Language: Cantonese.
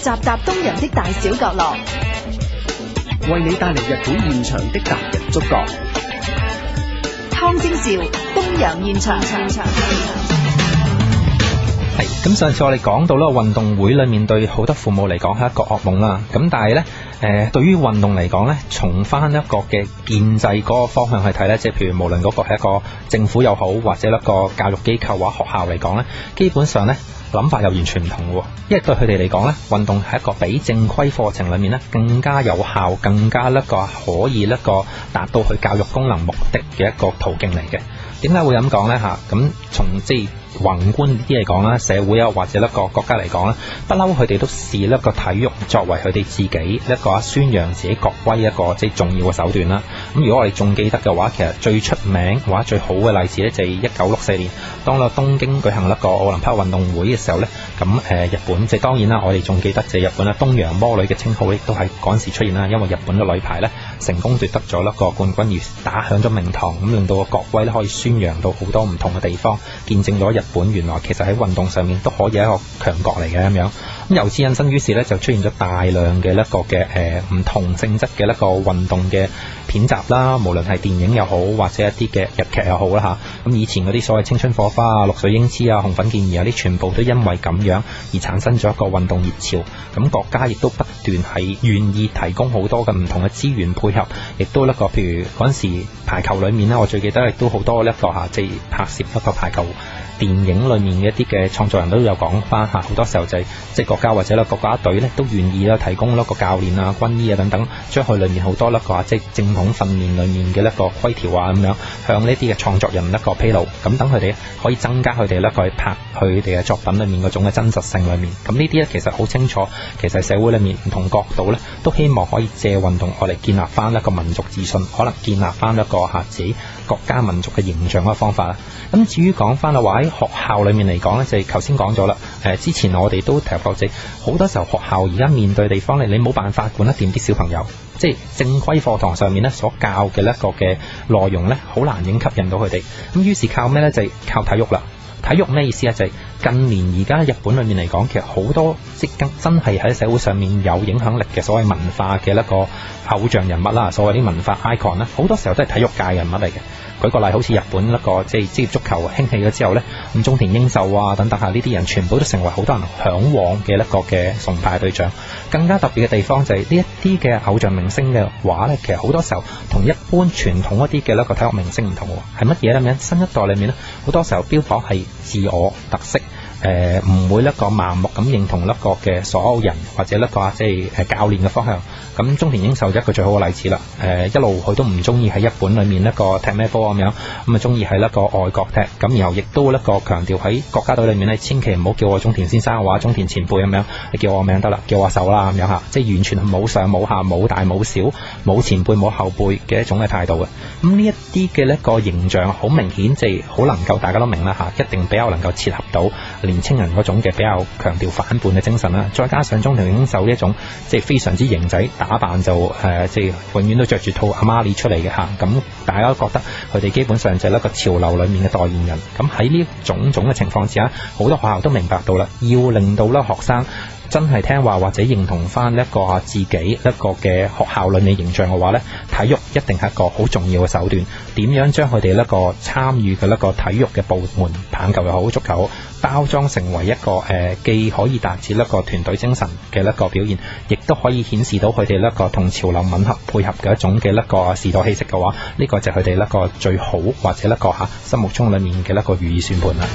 集集東洋的大小角落，為你帶嚟日本現場的達人觸覺。湯精兆東洋現場。現場現場現場。係咁，上次我哋講到咧，運動會裏面對好多父母嚟講係一個噩夢啊。咁但係呢，誒、呃，對於運動嚟講呢，從翻一個嘅建制嗰個方向去睇呢，即係譬如無論嗰個係一個政府又好，或者一個教育機構或學校嚟講呢，基本上呢，諗法又完全唔同喎。因為對佢哋嚟講呢，運動係一個比正規課程裏面呢更加有效、更加咧個可以咧個達到佢教育功能目的嘅一個途徑嚟嘅。點解會咁講呢？吓，咁從即係宏觀啲嚟講啦，社會啊，或者一個國家嚟講咧，不嬲佢哋都視咧個體育作為佢哋自己一個啊宣揚自己國威一個即係重要嘅手段啦。咁如果我哋仲記得嘅話，其實最出名或者最好嘅例子咧，就係一九六四年當咧東京舉行一個奧林匹克運動會嘅時候咧。咁誒日本即係當然啦，我哋仲記得即係日本啦，東洋魔女嘅稱號亦都喺嗰陣時出現啦，因為日本嘅女排呢，成功奪得咗一個冠軍而打響咗名堂，咁令到個國威咧可以宣揚到好多唔同嘅地方，見證咗日本原來其實喺運動上面都可以係一個強國嚟嘅咁樣。由此引申，於是咧就出現咗大量嘅一個嘅誒唔同性質嘅一個運動嘅片集啦，無論係電影又好，或者一啲嘅日劇又好啦吓，咁以前嗰啲所謂青春火花啊、綠水英姿啊、紅粉健兒啊啲，全部都因為咁樣而產生咗一個運動熱潮。咁國家亦都不斷係願意提供好多嘅唔同嘅資源配合，亦都一個譬如嗰陣時排球裏面啦，我最記得亦都好多一個吓，即係拍攝一個排球電影裏面嘅一啲嘅創作人都有講翻吓，好多時候就係即係國家或者咧國家隊咧都願意咧提供一個教練啊、軍醫啊等等，將佢裏面好多咧個即正統訓練裏面嘅一個規條啊咁樣，向呢啲嘅創作人一個披露，咁等佢哋可以增加佢哋咧去拍佢哋嘅作品裏面嗰種嘅真實性裏面。咁呢啲咧其實好清楚，其實社會裏面唔同角度咧都希望可以借運動我嚟建立翻一個民族自信，可能建立翻一個吓子國家民族嘅形象嘅方法啦。咁至於講翻啊話喺學校裏面嚟講咧，就係頭先講咗啦。誒，之前我哋都提及好多時候學校而家面對地方咧，你冇辦法管得掂啲小朋友，即係正規課堂上面咧所教嘅一個嘅內容咧，好難影吸引到佢哋。咁於是靠咩咧？就係靠體育啦。體育咩意思啊？就係近年而家日本裏面嚟講，其實好多即係真真係喺社會上面有影響力嘅所謂文化嘅一個偶像人物啦，所謂啲文化 icon 咧，好多時候都係體育界人物嚟嘅。舉個例，好似日本一個即係職業足球興起咗之後咧，咁中田英壽啊等等下呢啲人，全部都成為好多人嚮往嘅。一個嘅崇拜對象，更加特別嘅地方就係呢一啲嘅偶像明星嘅話咧，其實好多時候同一般傳統一啲嘅一個體育明星唔同，係乜嘢咧？咁新一代裏面咧，好多時候標榜係自我特色。誒、呃，唔會一個盲目咁認同一個嘅所有人或者一個即係誒教練嘅方向。咁中田英壽一個最好嘅例子啦。誒、呃，一路佢都唔中意喺日本裏面一個踢咩波咁樣，咁啊中意喺一個外國踢。咁然後亦都一個強調喺國家隊裏面咧，千祈唔好叫我中田先生，話中田前輩咁樣，叫我名得啦，叫我手啦咁樣吓，即係完全冇上冇下冇大冇小冇前輩冇後輩嘅一種嘅態度嘅。咁呢一啲嘅一個形象，好明顯即係好能夠大家都明啦吓，一定比較能夠切合到。年青人嗰種嘅比較強調反叛嘅精神啦、啊，再加上中領袖呢一種即係非常之型仔打扮就，就、呃、誒即係永遠都着住套阿瑪尼出嚟嘅嚇，咁、啊、大家都覺得佢哋基本上就係一個潮流裡面嘅代言人。咁喺呢種種嘅情況之下，好多學校都明白到啦，要令到啦學生。真係聽話或者認同翻一個自己一個嘅學校裏面形象嘅話呢，體育一定係一個好重要嘅手段。點樣將佢哋一個參與嘅一個體育嘅部門，棒球又好，足球，包裝成為一個誒、呃，既可以達至一個團隊精神嘅一個表現，亦都可以顯示到佢哋一個同潮流吻合配合嘅一種嘅一個時代氣息嘅話，呢、這個就係佢哋一個最好或者一個吓心目中裏面嘅一個如意算盤啦。